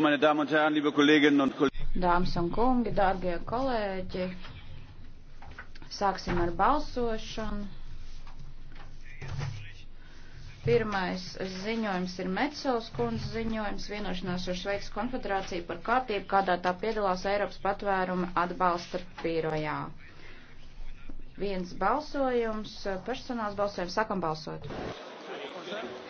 meine damen und herren liebe kolleginnen und kollegen! Dāmas un kungi, dārgie kolēģi, sāksim ar balsošanu. Pirmais ziņojums ir Mecels kundzes ziņojums vienošanās ar Šveices konfederāciju par kārtību, kādā tā piedalās Eiropas patvēruma atbalsta pīrojā. Viens balsojums, personāls balsojums, sakam balsot. Thank you.